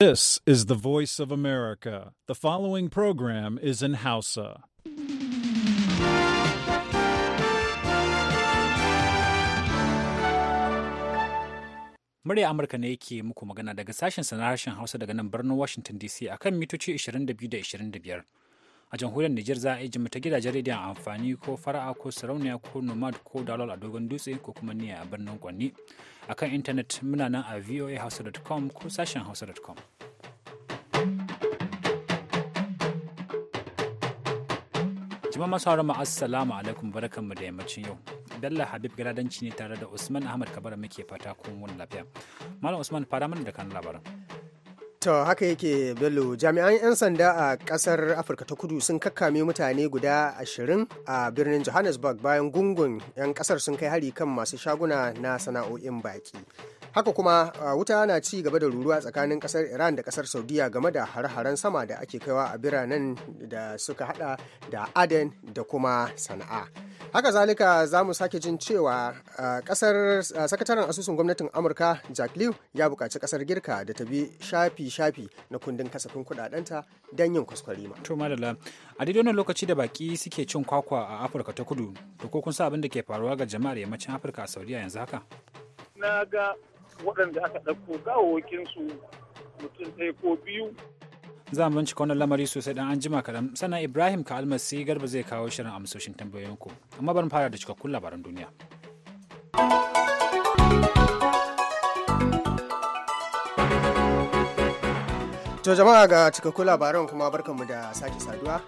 This is the voice of America. The following program is in Hausa. Murya Amurka ne yake muku magana daga sashen na harshen Hausa daga nan birnin Washington DC akan mitoci 22 da 25. A jamhuriyar Nijar za a yi jimata gidajen rediyon amfani ko fara'a ko sarauniya ko nomad ko dalol a dogon dutse ko kuma niyya a birnin Kwanni. a kan intanet muna nan a voahausa.com ko sashen hausa.com. jima masu haramu assalamu alaikum mu da yammacin yau. Bello Habib Galadanci ne tare da Usman Ahmad Kabara muke fata kun wani lafiya. Malam Usman fara mana da kan labaran. To haka yake Bello jami'an 'yan sanda a kasar Afirka ta kudu sun kakkame mutane guda ashirin a birnin Johannesburg bayan gungun 'yan kasar sun kai hari kan masu shaguna na sana'o'in baki. Haka kuma wuta na ci gaba da ruruwa tsakanin kasar Iran da kasar Saudiya game da har-haren sama da ake kaiwa a biranen da suka hada da Aden da kuma Sana'a. Haka zalika za mu sake jin cewa kasar sakataren asusun gwamnatin Amurka Jack Lew ya buƙaci kasar Girka da ta bi shafi shafi na kundin kasafin kuɗaɗenta don yin ma. To madalla, a daidai wannan lokaci da baki suke cin kwakwa a Afirka ta kudu, to ko kun sa abin da ke faruwa ga jama'ar yammacin Afirka a Saudiya yanzu haka? Na ga waɗanda aka ɗauko su mutum ɗaya ko biyu za mu bincika wannan lamari sosai dan an jima kaɗan sannan ibrahim ka almasi garba zai kawo shirin amsoshin ku amma bari fara da cikakkun labaran duniya. To jama'a ga cikakku labaran kuma barkanmu da sake saduwa.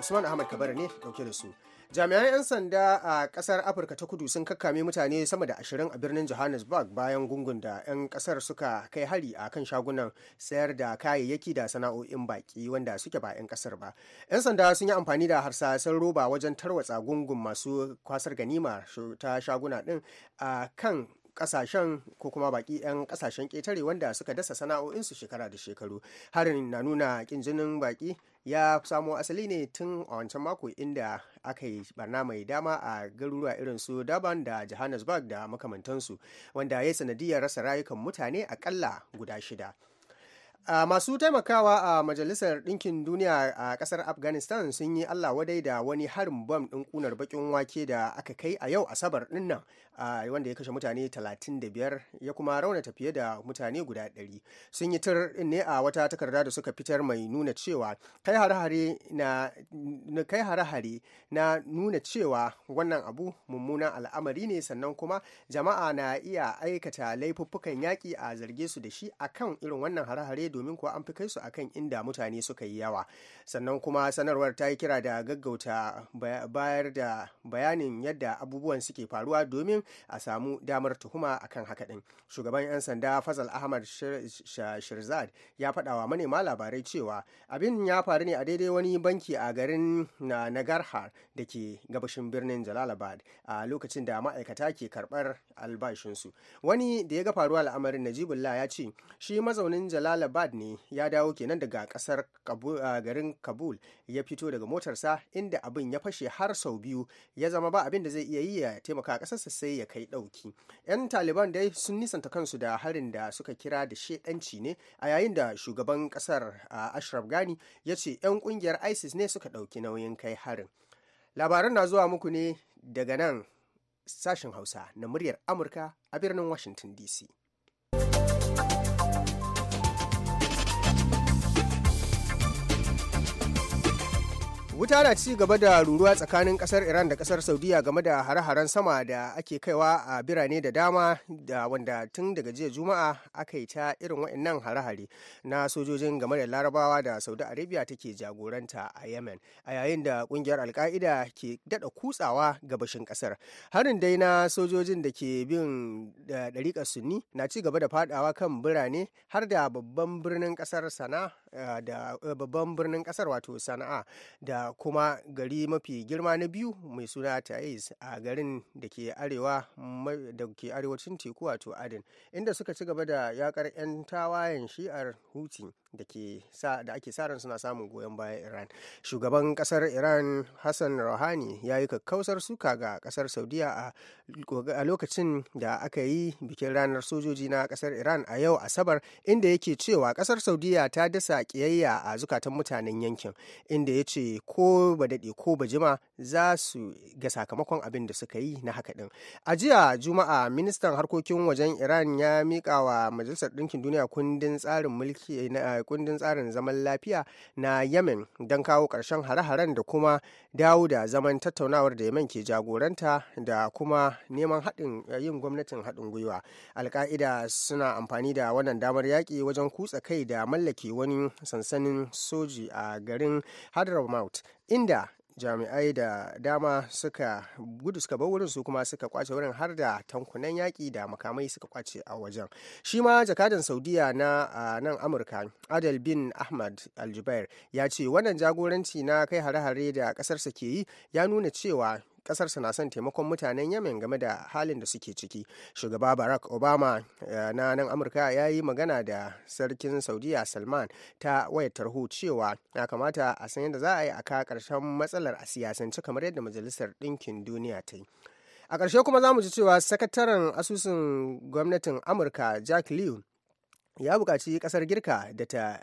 Usman Ahmad Kabara ne dauke da su. Jami'an 'yan sanda a kasar Afirka ta kudu sun kakkame mutane sama da ashirin a birnin Johannesburg bayan gungun da 'yan kasar suka kai hari a kan shagunan sayar da kayayyaki da sana'o'in baki wanda suke ba 'yan kasar ba. 'Yan sanda sun yi amfani da harsasan roba wajen tarwatsa gungun masu kwasar ganima ta shaguna din a kan kasashen ko kuma baki 'yan kasashen ƙetare wanda suka dasa sana'o'insu shekara da shekaru harin na nuna kin jinin baki ya samo asali ne tun a wancan mako inda aka yi barna mai dama a garuruwa irin su daban da johannesburg da makamantansu wanda ya yi sanadiyar rasa rayukan mutane akalla guda shida Uh, masu taimakawa a uh, majalisar ɗinkin duniya a uh, ƙasar afghanistan sun yi allah wadai da wani harin bam ɗin ƙunar baƙin wake da aka kai a yau asabar ɗinnan. wanda ya kashe mutane 35 ya kuma raunata fiye da mutane guda 100 sun yi tur ne a wata takarda da suka fitar mai nuna cewa kai hare-hare na nuna cewa wannan abu mummunan al'amari ne sannan kuma jama'a na iya aikata laifuffukan yaƙi a zarge su da shi akan irin wannan hare-hare domin kuwa an fi kai su akan inda mutane suka yi yawa sannan kuma sanarwar ta yi kira da gaggauta bayar da bayanin yadda abubuwan suke faruwa domin a samu damar tuhuma akan haka din shugaban 'yan sanda fazal ahmad shirzad ya faɗa wa manema labarai cewa abin ya faru ne a daidai wani banki a garin na nagarhar da ke gabashin birnin jalalabad a lokacin da ma'aikata ke karɓar albashinsu wani da ya ga faruwa al'amarin najibullah ya ce shi mazaunin jalalabad ne ya dawo kenan daga ƙasar garin kabul ya fito daga motarsa inda abin ya fashe har sau biyu ya zama ba abin da zai iya yi ya taimaka ƙasarsa sai sai ya kai ɗauki 'yan taliban dai sun nisanta kansu da harin da suka kira da shedanci ne a yayin da shugaban kasar ashraf gani ya ce 'yan kungiyar isis ne suka ɗauki nauyin kai harin labaran na zuwa muku ne daga nan sashen hausa na muryar amurka a birnin washington dc wuta na ci gaba da ruruwa tsakanin kasar iran da kasar saudiya game da hare-haren sama da ake kaiwa a birane da dama da wanda tun daga jiya juma'a aka yi ta irin waɗannan hare-hare na sojojin game da larabawa da saudi arabia take jagoranta a yemen a yayin da kungiyar alka'ida ke daɗa kutsawa gabashin kasar harin dai na sojojin da ke bin ɗariƙar sunni na ci gaba da fadawa kan birane har da babban birnin kasar sana'a eh, da eh, babban birnin kasar wato sana'a da kuma gari mafi girma na biyu mai suna Taiz a garin da ke arewa da ke arewacin teku wato Aden inda suka ci gaba da yakar 'yan tawayen shi'ar Houthi da ke sa da ake sa ran suna samun goyon bayan Iran. Shugaban kasar Iran Hassan Rouhani ya yi kakkausar suka ga kasar Saudiya a lokacin da aka yi bikin ranar sojoji na kasar Iran a yau Asabar inda yake cewa kasar Saudiya ta dasa kiyayya a zukatan mutanen yankin inda ya ce ko ko ba daɗe ko ba jima za su ga sakamakon abin da suka yi na haka ɗin a jiya juma'a ministan harkokin wajen iran ya miƙa wa majalisar ɗinkin duniya kundin tsarin mulki eh, eh, kundin tsarin zaman lafiya na yemen don kawo ƙarshen hare-haren da kuma dawo da zaman tattaunawar da yemen ke jagoranta da kuma neman haɗin eh, yin gwamnatin haɗin gwiwa alka'ida suna amfani da wannan damar yaƙi wajen kutsa kai da mallake wani sansanin soji a garin hadramaut inda jami'ai da dama suka gudu suka bar wurin su kuma suka kwace wurin har da tankunan yaƙi da makamai suka kwace a wajen shi ma jakadan saudiya na a nan amurka adal bin ahmad aljubair ya ce wannan jagoranci na kai hare-hare da ƙasarsa ke yi ya nuna cewa kasarsa na son taimakon mutanen yemen game da halin da suke ciki shugaba barack obama eh, na nan amurka ya yi magana da sarkin saudiya salman ta wayar tarho cewa ya kamata a san yadda za a yi a ka karshen matsalar a siyasance kamar yadda majalisar ɗinkin duniya ta yi a ƙarshe kuma za mu ji cewa sakataren asusun gwamnatin amurka jack lew ya buƙaci ƙasar girka da ta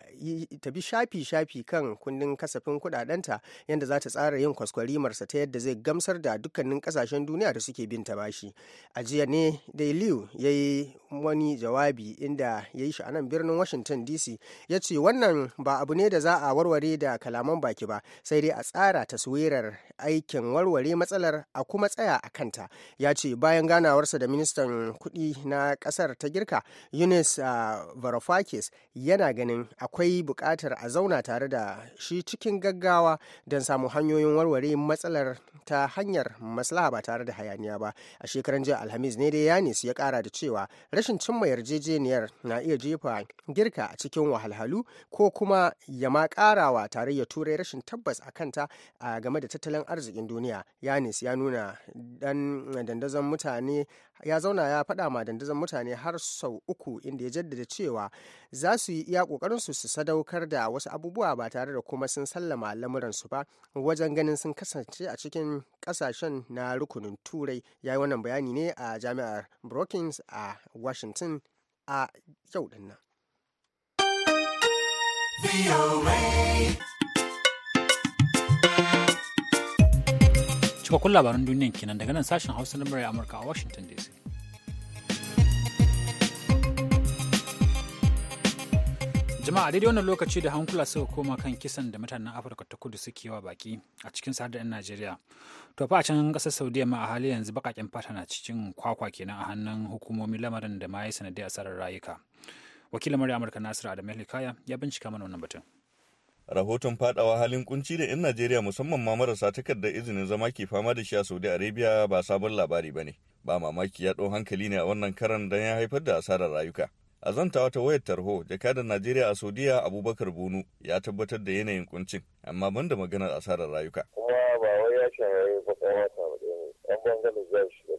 bi shafi-shafi kan kundin kasafin kudadenta yadda za ta tsara yin kwaskwarimarsa ta yadda zai gamsar da dukkanin ƙasashen duniya da suke bin ta bashi a jiya ne dai liu ya yi wani jawabi inda ya yi shi a birnin washington dc ya ce wannan ba abu ne da za a warware da kalaman baki ba sai dai a tsara taswirar aikin warware matsalar a kuma tsaya a kanta ya ce bayan ganawarsa da ministan kuɗi na ƙasar ta girka yunis uh, ah, varoufakis yana ganin akwai buƙatar a zauna tare da shi cikin gaggawa don samu hanyoyin warware matsalar ta hanyar maslaha ba tare da hayaniya ba a shekaran jiya alhamis ne dai yanis ya kara da cewa rashin cimma yarjejeniyar na iya jefa girka a cikin wahalhalu ko kuma ya ma karawa tare ya turai rashin tabbas a kanta a game da tattalin arzikin duniya yanis ya nuna dan dandazon mutane ya zauna ya faɗa ma dandazon mutane har sau uku inda ya jaddada cewa cewa za su yi iya kokarin su sadaukar da wasu abubuwa ba tare da kuma sun sallama lamuransu ba wajen ganin sun kasance a cikin kasashen na rukunin turai ya yi wannan bayani ne a jami'ar brookings a washington a yau dinnan. cikakkun labaran duniyan kenan daga nan sashen hausa na murai amurka a washington dc jama'a daidai wannan lokaci da hankula suka koma kan kisan da mutanen afirka ta kudu suke wa baki a cikin sadar yan najeriya to fa a can kasar saudiya ma a hali yanzu bakaken fata na cikin kwakwa kenan a hannun hukumomin lamarin da ma ya a asarar rayuka wakilin murya amurka nasiru adam hikaya ya bincika mana wannan batun rahoton fadawa halin kunci da 'yan Najeriya musamman ma marasa takardar izinin zama ke fama da shi a Saudi Arabia ba sabon labari ba ne. Ba mamaki ya ɗau hankali ne a wannan karan don ya haifar da asarar rayuka. a zanta wata wayar tarho jakadar najeriya a saudiya abubakar bunu ya tabbatar da yanayin kuncin amma banda maganar asarar rayuka kuma ba wai ya shahararri ba kawai wata ba ne an bangare zai shiga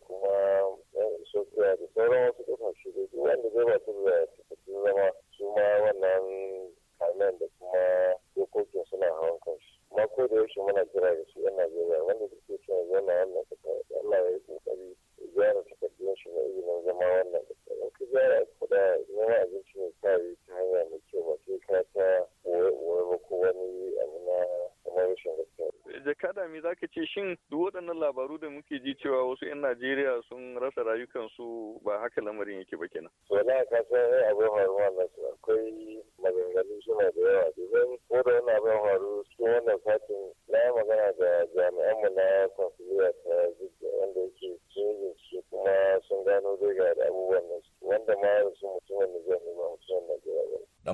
haka lamarin yake ba kenan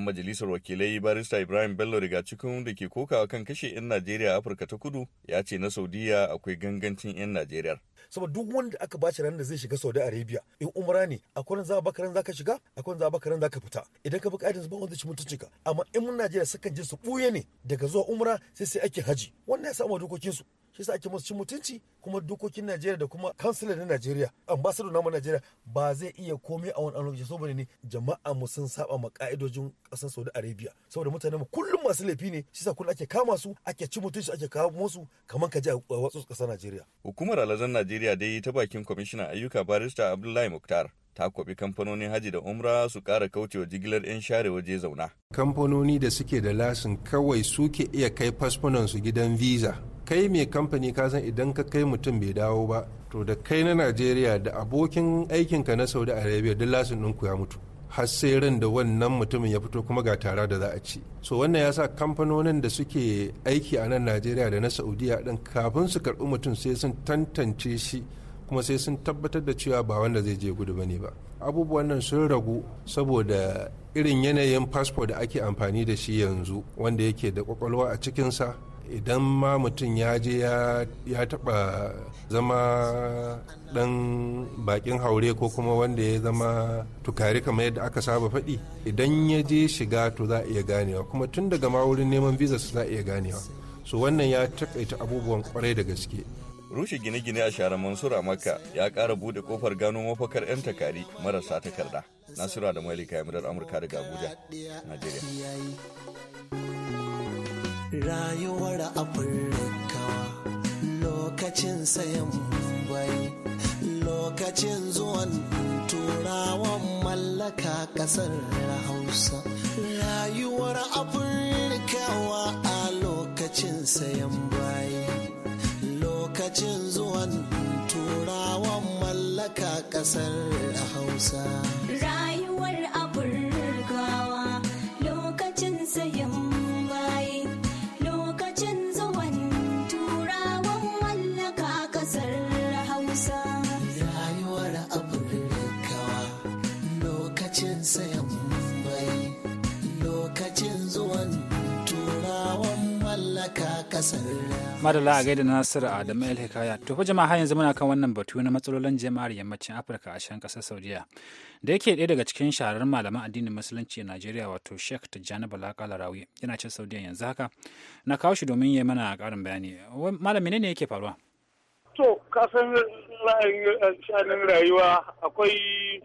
majalisar wakilai barista Ibrahim Bello riga cikin da ke kokawa kan kashe 'yan Najeriya a Afirka ta kudu ya ce na Saudiya akwai gangancin 'yan Najeriya. saboda duk wanda aka bace ran da zai shiga Saudi Arabia in umra ne akwai ran za bakaran za zaka shiga akwai ran za bakaran za zaka fita idan ka baka aidan ba wanda ci mutunci ka amma in mun Najeriya sukan je su buye ne daga zuwa umra sai sai ake haji wannan ya samu dokokin su shi yasa ake masu cin mutunci kuma dokokin Najeriya da kuma kansila na Najeriya ambassador namu Najeriya ba zai iya komai a wani lokaci saboda ne jama'a mu sun saba ma ka'idojin kasar Saudi Arabia saboda mutane mu kullum masu laifi ne shi yasa kullum ake kama su ake cin mutunci ake kawo musu kamar ka ji a wasu kasar Najeriya hukumar alazan Najeriya dai ta bakin kwamishinan ayyuka barista Abdullahi Muktar ta kwabi kamfanonin haji da umra su kauce kaucewa jigilar 'yan share waje zauna. kamfanoni da suke da lasin kawai suke iya kai su gidan visa kai mai kamfani ka san idan ka kai mutum bai dawo ba to da kai na najeriya da abokin aikinka na saudi arabia duk lasin ku ya mutu har sai ran da wannan mutumin ya fito kuma ga tara da za a ci so wannan ya sa kamfanonin da suke aiki a nan najeriya da na saudiya ɗin kafin su karɓi mutum sai sun tantance shi kuma sai sun tabbatar da cewa ba wanda zai je gudu bane ba abubuwan nan sun ragu saboda irin yanayin fasfo da ake amfani da shi yanzu wanda yake da kwakwalwa a cikinsa idan ma mutum ya je ya taba zama dan bakin haure ko kuma wanda ya zama tukari kamar yadda aka saba faɗi idan ya je shiga to za a iya ganewa kuma tun daga ma wurin neman visa su za a iya ganewa so wannan ya taƙaita abubuwan kwarai da gaske rushe gine-gine a sharar mansura maka ya ƙara bude kofar gano mafakar 'yan takari marasa takarda nasira da malika ya amurka daga abuja nigeria. rayuwar afirkawa lokacin sayan bambai lokacin zuwan turawan mallaka kasar hausa rayuwar afirkawa a lokacin sayan bayi lokacin zuwan turawan mallaka kasar hausa rayuwar madala a gaida nasiru adamu el hikaya to jama'a har yanzu muna kan wannan batu na matsalolin jama'ar yammacin afirka a shan kasar saudiya da yake ɗaya daga cikin shahararren malaman addinin musulunci a najeriya wato sheikh tijjani balaka larawi yana cin saudiya yanzu haka na kawo shi domin ya mana ƙarin bayani malami ne yake faruwa to kasan eh, sha'anin rayuwa akwai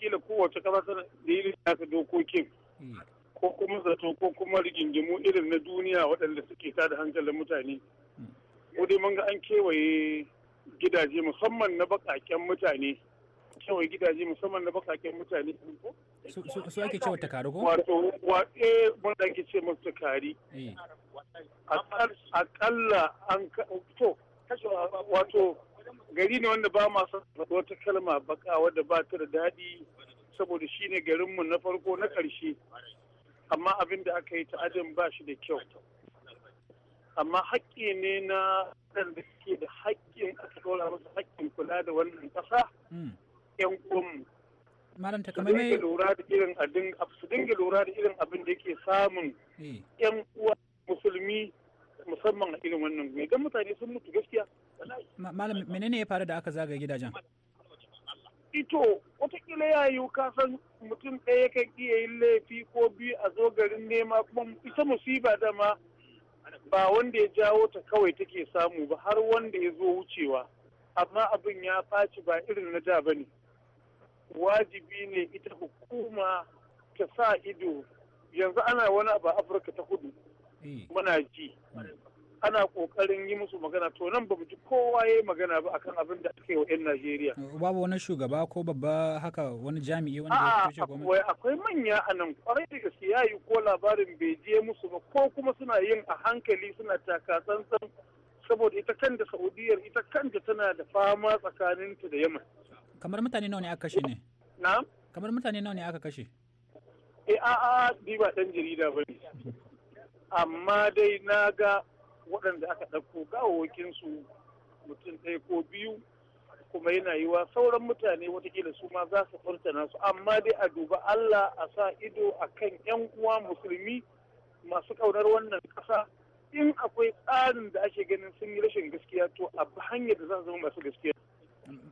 kila kowace kasa da yi dokokin hmm. ko kuma zato ko kuma rigingimu irin na duniya waɗanda suke da hankalin mutane mu dai mun ga an kewaye gidaje musamman na bakaken mutane kewaye gidaje musamman na bakaken mutane su ake cewa takari ko wato waɗe eh, mun da ake ce musu takari eh. aƙalla an to wato gari ne wanda ba ma son wata kalma baka wadda ba ta da daɗi saboda shine garinmu na farko na ƙarshe amma abin da aka yi ta ajin ba shi da kyau amma haƙƙi ne na waɗanda suke da haƙƙin aka ɗora masa haƙƙin kula da wannan ƙasa yan hmm. uwanmu malam ta kamar mai lura da irin abin su dinga lura da irin abin da yake samun yan eh. uwa musulmi musamman a irin wannan idan mutane sun mutu gaskiya malam menene ya faru da aka zagaye gidajen ito watakila ya yiwu kasan mutum ɗaya kan iya yin laifi ko biyu a zo garin nema kuma ita musiba dama ba wanda ya jawo ta kawai take samu ba har wanda ya zo wucewa amma abin ya faci ba irin na da ba ne wajibi ne ita hukuma ta sa ido yanzu ana wani abu afirka ta kudu eh. muna ji mm. ana kokarin yi musu magana to nan ba ji kowa ya yi magana ba akan abin da ake wa 'yan Najeriya. Babu wani shugaba ko babba haka wani jami'i wanda ya kuce gwamnati. akwai manya a nan kwarai da gaske ya yi ko labarin bai je musu ba ko kuma suna yin a hankali suna takatsantsan saboda ita kan da Saudiyar ita kan da tana da fama tsakaninta da Yemen Kamar mutane nawa ne aka kashe ne? Na'am. Kamar mutane nawa ne aka kashe? Eh a'a ni ba dan jarida bane. Amma dai na ga waɗanda aka ɗauko gawawakinsu mutum ɗaya ko biyu kuma yana yiwa sauran mutane watakila su ma za su furtana su amma dai a duba Allah a sa ido a kan 'yan uwa musulmi masu ƙaunar wannan ƙasa in akwai tsarin da ake ganin sun yi rashin gaskiya to a hanyar da za su zama masu gaskiya.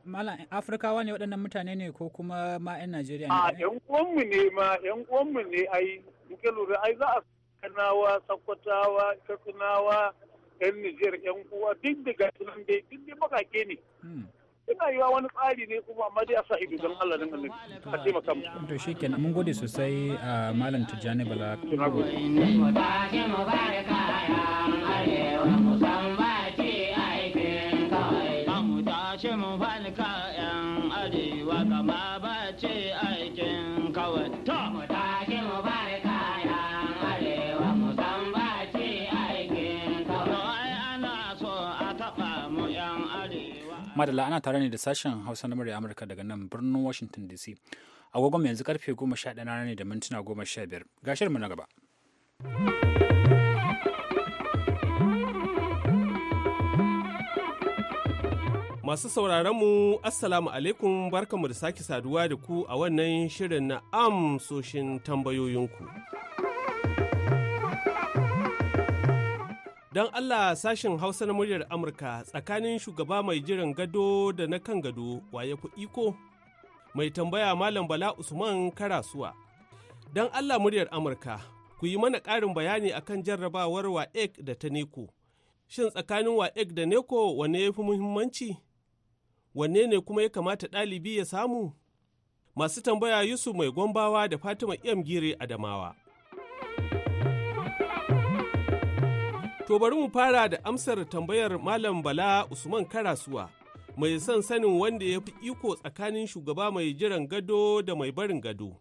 Malam Afirkawa ne waɗannan mutane ne ko kuma ma 'yan Najeriya ne? A 'yan uwanmu ne ma 'yan uwanmu ne ai muke lura ai za a kanawa, sakwatawa, katsinawa, 'yan Nijar 'yan uwa duk da gasu nan dai duk da bakake ne. Hmm. Ina yiwa wani tsari ne kuma amma dai a sa ido don Allah nan nan a taimaka mu. To shi kenan mun gode sosai a Malam Tijjani Bala. Arewa kama kawai. To, mu take mu barka madala ana tare ne da sashen hausa na murya amurka daga nan birnin washington dc agogon yanzu karfe 11 na ne da mintuna 15 gashirmu na gaba Masu sauraronmu, Assalamu alaikum barkamu da sake saduwa da ku a wannan shirin na amsoshin tambayoyinku. Don Allah sashen Hausa na muryar Amurka tsakanin shugaba mai jiran gado da na kan gado waye ku iko? Mai tambaya Malam Bala Usman Karasuwa. Don Allah muryar Amurka, ku yi mana ƙarin bayani akan jarrabawar WAEC da ta neko. Shin tsakanin WAEC da neko wanne ya fi muhimmanci? Wanne ne kuma ya kamata ɗalibi ya samu? Masu tambaya Yusuf Mai Gombawa da Fatima Gire Adamawa. To bari mu fara da amsar tambayar Malam Bala Usman Karasuwa, mai son sanin wanda ya fi iko tsakanin shugaba mai jiran gado da mai barin gado.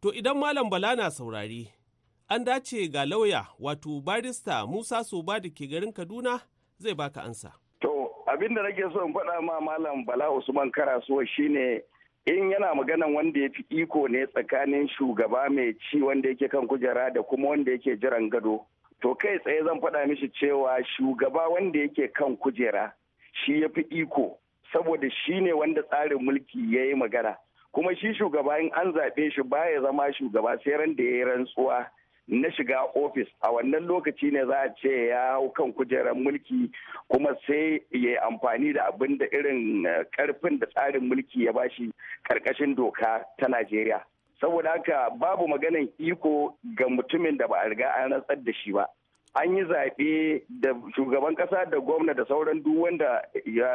To idan Malam Bala na saurari, an dace ga lauya wato barista Musa Soba da ke garin Kaduna zai baka ansa. To abin da nake son faɗa ma Malam Bala Usman Karasuwa shine in yana maganan wanda ya fi iko ne tsakanin shugaba mai ci wanda yake kan kujera da kuma wanda yake jiran gado to kai tsaye zan faɗa mishi cewa shugaba wanda yake kan kujera shi ya fi iko saboda shi ne wanda tsarin mulki ya yi magana kuma shi shugaba in an zaɓe shi baya zama shugaba sai ran da ya yi rantsuwa na shiga ofis a wannan lokaci ne za a ce ya hau kan kujerar mulki kuma sai ya yi amfani da abin da irin karfin eh, da tsarin mulki ya bashi karkashin doka ta najeriya saboda haka babu maganan iko ga mutumin da ba a riga an rantsar da shi ba an yi zaɓe da shugaban ƙasa da gwamna da sauran duk wanda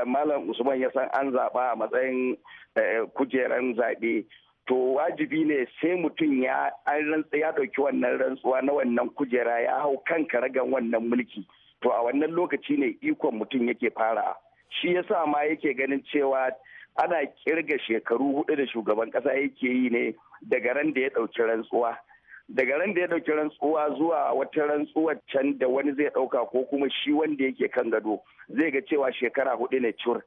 malam usman ya san an zaɓa a matsayin eh, kujeran zaɓe to wajibi ne sai mutum ya an rantsa ya ɗauki wannan rantsuwa na wannan kujera ya hau kan karagan wannan mulki to a wannan lokaci ne ikon mutum yake fara shi yasa ma yake ganin cewa ana kirga shekaru hudu da shugaban kasa yake yi ne daga ran da ya ɗauki rantsuwa daga ran da ya ɗauki rantsuwa zuwa wata rantsuwar can da wani zai ɗauka ko kuma shi wanda yake kan gado zai ga cewa shekara hudu ne cur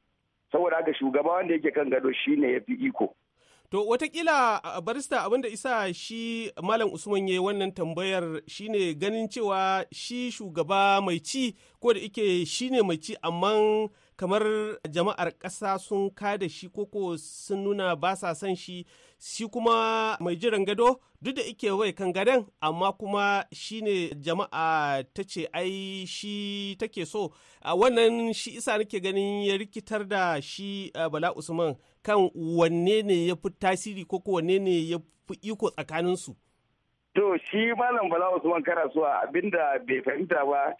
saboda haka shugaba wanda yake kan gado shine ya fi iko To watakila barista abin da isa shi Malam Usman ya wannan tambayar shine ganin cewa shi shugaba mai ci ko da yake shine mai ci amma kamar jama'ar ƙasa sun kada shi koko sun nuna ba sa son shi shi kuma mai jiran gado duk da ike wai kan gadon amma kuma shi ne jama'a ta ce ai shi take so a wannan shi isa nake ganin ya rikitar da shi bala usman kan wanne ne ya fi tasiri ko wanne ne ya fi iko tsakaninsu to shi malam bala usman karasuwa abinda bai fahimta ba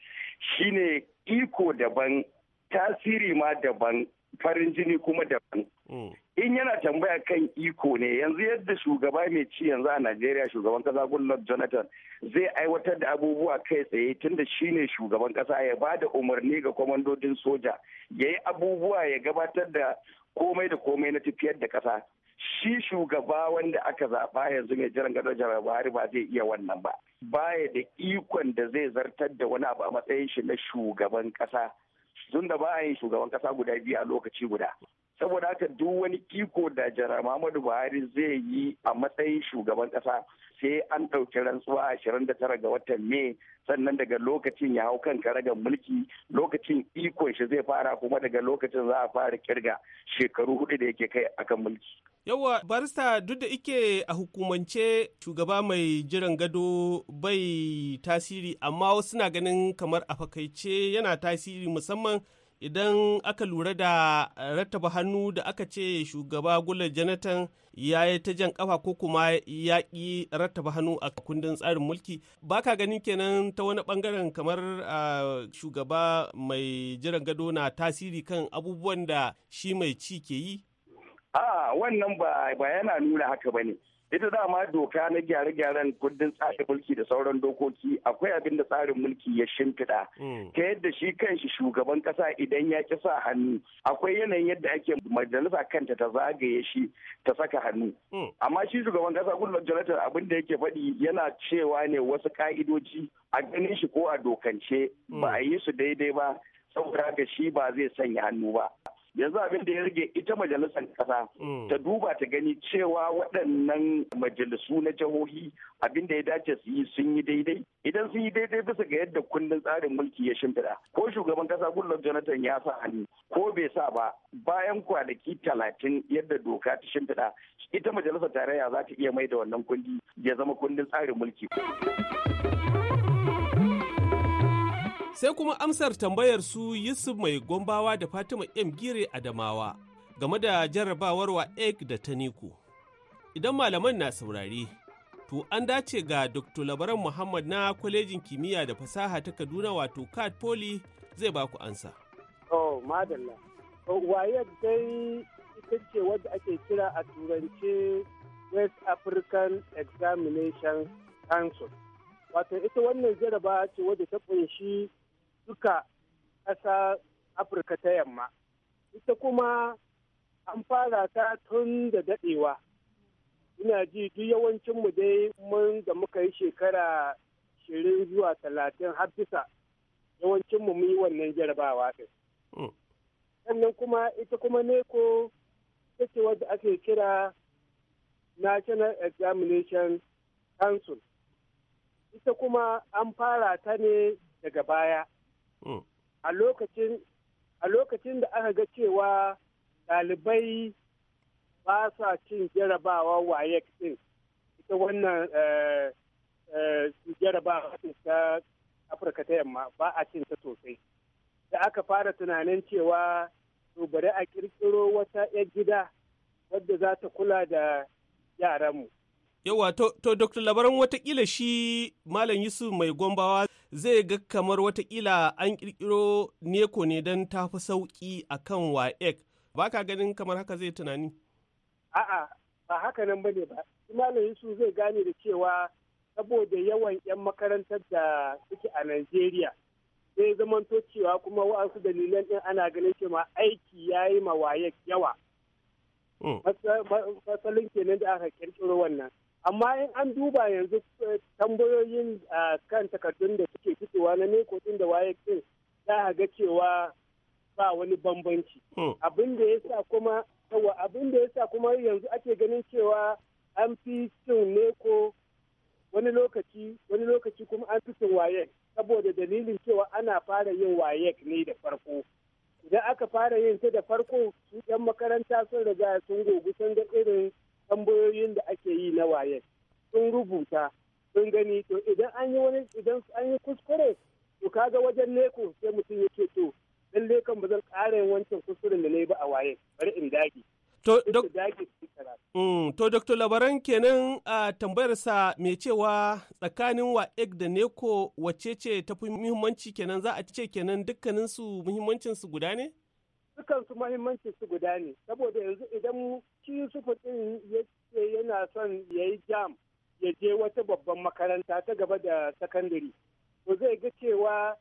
shine iko daban tasiri ma daban farin jini kuma daban hmm. in yana tambaya kan iko ne yanzu yadda shugaba mai ci yanzu a najeriya shugaban kasa goodluck jonathan zai aiwatar da abubuwa kai tsaye tunda shine shugaban kasa ya ba da umarni ga kwamandodin soja ya yi abubuwa ya gabatar da komai da komai na tafiyar da kasa shi shugaba wanda aka zaɓa yanzu mai jiran gado jihar ba zai iya wannan ba baya da ikon da zai zartar da wani abu a matsayin shi na shugaban kasa tunda ba a yin shugaban kasa guda biyu a lokaci guda saboda haka duk wani kiko da jara Muhammadu Buhari zai yi a matsayin shugaban kasa sai an ɗauki rantsuwa da ashirin tara ga watan me sannan daga lokacin ya hau kan karagar mulki lokacin ikon shi zai fara kuma daga lokacin za a fara kirga shekaru hudu da yake kai akan mulki. yawwa barista duk da ike a hukumance shugaba mai jiran gado bai tasiri amma wasu na ganin kamar a fakaice yana tasiri musamman idan aka lura da eh, rattaba hannu da aka ce shugaba gula janatan ya yi ta jan kafa ko kuma ya ƙi rattaba hannu a kundin tsarin mulki ba ka ganin kenan ta wani bangaren kamar eh, shugaba mai jiran gado na tasiri kan abubuwan da shi mai ci ke yi a ah, wannan ba yana nuna haka ba ne ita dama doka na gyare-gyaren kundin tsarin mulki da sauran dokoki akwai abin da tsarin mulki ya shimfiɗa hmm. ta yadda shi kanshi shugaban ƙasa idan ya ki sa hannu akwai yanayin yadda ake majalisa kanta ta zagaye shi ta saka hannu hmm. amma shi shugaban ƙasa goodluck jonathan abin da yake faɗi yana cewa ne wasu ka'idoji a ganin shi ko a dokance hmm. ba a yi su daidai ba saboda haka shi ba zai sanya hannu ba yanzu abin da ya rage ita majalisar kasa mm. ta duba ta gani cewa waɗannan majalisu na jihohi abin da ya dace su yi sun yi daidai idan sun yi daidai bisa ga yadda kundin tsarin mulki ya shimfiɗa ko shugaban kasa Goodluck Jonathan ya sa hannu ko bai sa ba bayan kwanaki talatin yadda doka ta shimfiɗa ita majalisar tarayya za ta iya mai da wannan kundi ya zama kundin tsarin mulki. Sai kuma amsar tambayar su Yusuf mai gombawa da Fatima M. Gire Adamawa game da jarrabawar wa egg da Taniku. Idan malaman na saurari, to an dace ga Dr. Labaran Muhammad na kwalejin kimiyya da fasaha ta Kaduna wato Kat Poli zai baku ansa. Oh, madalla. dai ita ce wadda ake kira a turance West African Examination Council. Wato ita wannan jaraba ce wadda ta kunshi duka ƙasa afirka ta yamma ita kuma an fara ta tun da daɗewa ina ji duk yawancinmu dai mun da muka yi shekara shirin zuwa talatin har bisa yawancinmu mun yi wannan jarabawa ɗin hmm. sannan kuma ita kuma ne ko ce wadda ake kira national examination council ita kuma an fara ta ne daga baya a lokacin da aka ga cewa ɗalibai ba sa cin jarabawa waye ɗin ita wannan eh, eh, jarabawa ta afirka ta yamma ba a cin ta sosai da aka fara tunanin cewa to a kirkiro wata 'yar gida wadda za ta kula da yaranmu yawa to dr labaran watakila shi malam yusuf mai gombawa zai ga kamar watakila an kirkiro neko ne don tafi sauki a kan waek ba ka ganin kamar haka zai tunani? A'a ba haka nan ba ne ba. Imanin Yusuf zai gane da cewa saboda yawan 'yan makarantar da suke a Najeriya sai zamanto cewa kuma wa'ansu dalilan ɗin ana ganin cewa aiki ya yi ma waek yawa. Hmm. Matsalin kenan da aka kirkiro wannan. amma in an duba yanzu eh, tambayoyin eh, kan takardun da suke fitowa na ne kotun da waye din za a ga cewa ba wani bambanci hmm. abin da yasa kuma yawa abin da yasa kuma yanzu ake ganin cewa an fi cin neko wani lokaci wani lokaci kuma an fi cin wayek saboda dalilin cewa ana fara yin wayek ne da farko idan aka fara yin ta da farko su yan makaranta sun riga sun gogu sun ga irin tambayoyin da ake yi na waye sun rubuta sun gani to idan an yi wani idan an yi kuskure to kaga wajen neko sai mutum yake to lalle kan ba zan ƙara wancan kuskuren da na yi ba a waye bari in dage To, dok mm, to Dr. Labaran kenan a tambayarsa mai cewa tsakanin ek da neko wacce ce ta fi muhimmanci kenan za a ce kenan dukkaninsu muhimmancinsu guda ne? Dukansu su guda ne, saboda yanzu idan shi Yusufu ɗin yana son ya yi jam ya je wata babban makaranta ta gaba da sakandare. To zai ga cewa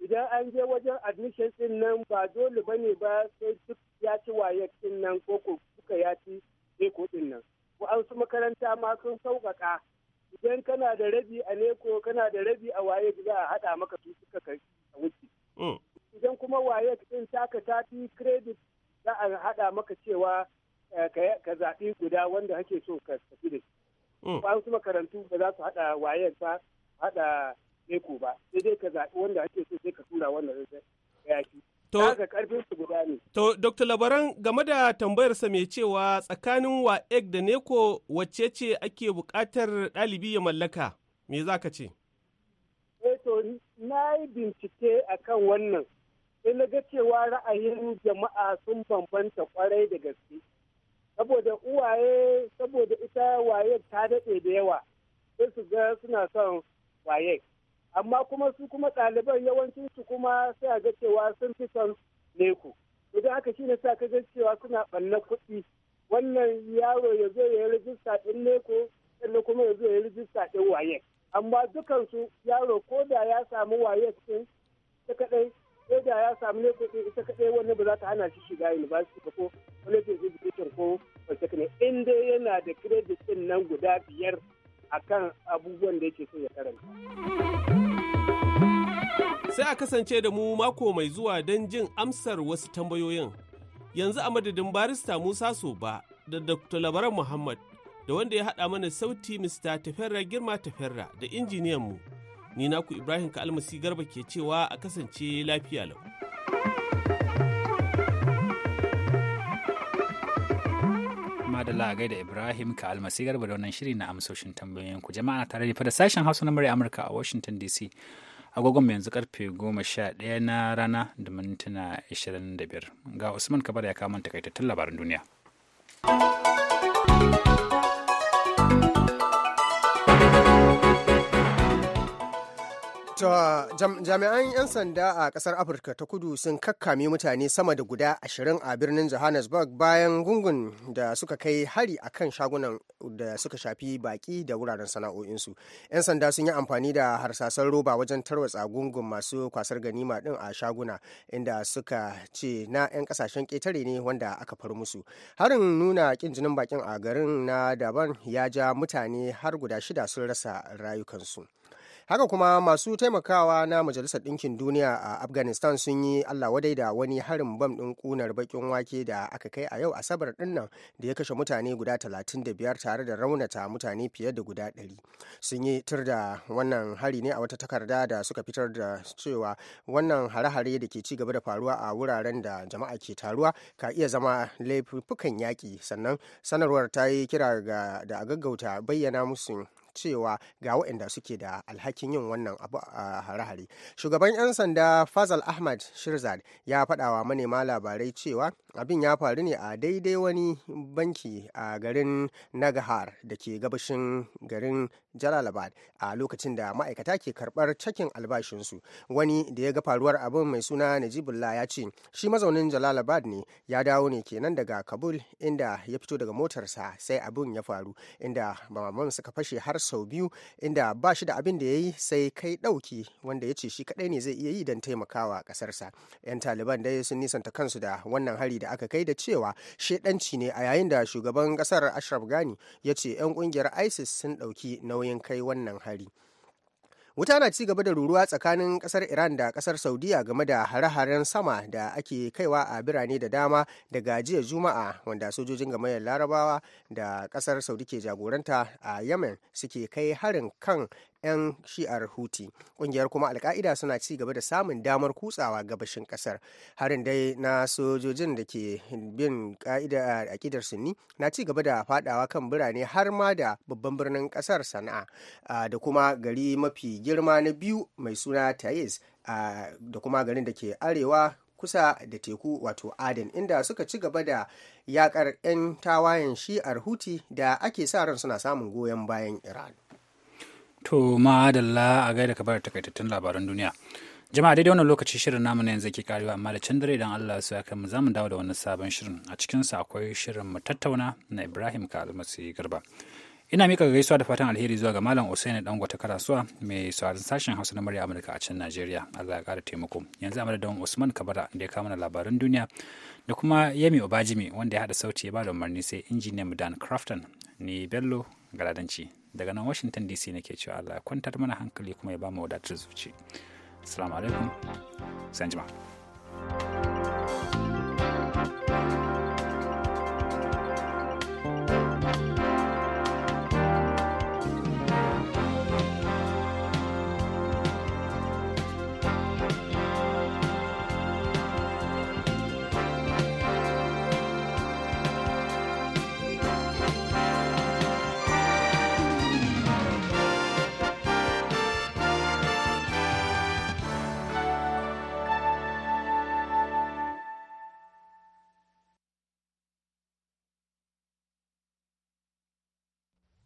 idan an je wajen admission ɗin nan ba dole ba ne ba sai duk ya ci waye ɗin nan ko ko suka ya ci eko ɗin nan. Wa'ansu makaranta ma sun sauƙaƙa idan kana da rabi a neko kana da rabi a waye za a haɗa maka su suka kai a wuce. Mm. Idan kuma waye ɗin taka ta fi credit za a haɗa maka cewa Eh, ka zaɓi guda wanda kake so ka tafi da shi. Ba hmm. wasu makarantu ba za su haɗa wayan ta haɗa eko ba sai dai ka zaɓi wanda kake so sai ka tura wannan zai yaki. To, to Dr. Labaran game da tambayarsa mai cewa tsakanin WAEC da neko wacce ce ake buƙatar ɗalibi ya mallaka, me za ka ce? Eh to, na yi bincike a kan wannan, sai na ga cewa ra'ayin jama'a sun bambanta kwarai da gaske. saboda uwaye saboda ita waye ta daɗe da yawa sai su ga suna son waye amma kuma su kuma ɗaliban yawancin su kuma sai a ga cewa sun fi son leku idan haka shine sa ka ga cewa suna ɓanna kuɗi wannan yaro ya zo ya yi rijista ɗin leku sannan kuma ya zo ya yi rijista ɗin waye amma dukansu yaro ko da ya samu waye cikin ta kaɗai ko da ya samu ne ko ita kaɗai wani ba za ta hana shi shiga university ba ko kwalejin education ko polytechnic in dai yana da credit din nan guda biyar a kan abubuwan da yake so ya karanta. Sai a kasance da mu mako mai zuwa don jin amsar wasu tambayoyin. Yanzu a madadin barista Musa Soba da Dr. Labaran Muhammad da wanda ya haɗa mana sauti Mr. Tafera Girma Tafera da injiniyan mu. Ni naku Ibrahim Kalmasi Garba ke cewa a kasance lafiya lau. gai da Ibrahim ka almasi garba da wannan shiri na amsoshin ku jama'a na tare da sashen Hausa na murya Amurka a Washington DC. agogon yanzu karfe goma sha ɗaya na rana da mintuna 25 ga usman kabar ya kama takaitattun labaran duniya. To jami'an 'yan sanda a kasar Afirka ta kudu sun kakkame mutane sama da guda ashirin a birnin Johannesburg bayan gungun da suka kai hari a kan shagunan da suka shafi baki da wuraren sana'o'insu. 'Yan sanda sun yi amfani da harsasan roba wajen tarwatsa gungun masu kwasar ganima din a shaguna inda suka ce na 'yan kasashen ketare ne wanda aka far musu. Harin nuna kin jinin bakin a garin na daban ya ja mutane har guda shida sun rasa rayukansu. haka kuma masu taimakawa na majalisar ɗinkin duniya a afghanistan sun yi allah wadai da wani harin bam ɗin ƙunar baƙin wake da aka kai a yau asabar ɗinnan da ya kashe mutane guda 35 tare da raunata mutane fiye da guda 100 sun yi tur da wannan hari ne a wata takarda da suka fitar da cewa wannan hare-hare da ke ci gaba da faruwa a wuraren da jama'a ke taruwa ka iya zama laifukan yaƙi sannan sanarwar ta yi kira da a gaggauta bayyana musu cewa ga waɗanda suke da alhakin yin wannan abu a hare-hare shugaban 'yan sanda fazal ahmad shirzad ya faɗawa manema labarai cewa abin ya faru ne a daidai wani banki a garin nagahar da ke gabashin garin jalalabad a lokacin da ma'aikata ke karbar cakin albashinsu wani da ya ga faruwar abin mai suna najibullah ya ce shi mazaunin jalalabad ne ya dawo ne kenan daga kabul inda ya fito daga motarsa sai abin ya faru inda bamaman suka fashe har sau biyu inda ba shi da abin da ya yi sai kai ɗauki wanda ya ce shi kaɗai ne zai iya yi don taimakawa ƙasarsa 'yan taliban dai sun nisanta kansu da wannan hari da aka kai da cewa shedanci ne a yayin da shugaban ƙasar ashraf gani ya ce 'yan ƙungiyar isis sun ɗauki nauyi nauyin kai wannan hari wuta na ci gaba da ruruwa tsakanin kasar iran da kasar saudiya game da hare-haren sama da ake kaiwa a birane da dama daga jiya juma'a wanda sojojin gamayyar larabawa da kasar saudi ke jagoranta a yemen suke kai harin kan 'yan shi'ar huti ƙungiyar kuma alka'ida suna ci gaba da samun damar kutsawa gabashin ƙasar harin dai na sojojin da ke bin ka'ida akidar sunni na ci gaba da fadawa kan birane har ma da babban birnin ƙasar sana'a da kuma gari mafi girma na biyu mai suna taiz da kuma garin da ke arewa kusa da teku wato aden inda suka ci gaba da yakar 'yan tawayen shi'ar huti da ake sa ran suna samun goyon bayan iran To madalla a gaida ka bar takaitattun labaran duniya. Jama'a daidai wannan lokaci shirin namu na yanzu ke karewa amma da can dare idan Allah su ya mu za dawo da wani sabon shirin a cikinsa akwai shirin mu tattauna na Ibrahim Kalmasi Garba. Ina mika gaisuwa da fatan alheri zuwa ga Malam Usaini gwata Karasuwa mai sauraron sashen Hausa na murya Amurka a can Najeriya. Allah ya kara taimako. Yanzu a madadin Usman Kabara da ya kawo mana labaran duniya da kuma Yemi Obajimi wanda ya hada sauti ya ba da umarni sai injiniyan Dan Crafton ni Bello Galadanci daga nan washington dc ke cewa allah kwantar mana hankali kuma ya ba mu wadatar zuci assalamu alaikum sanjima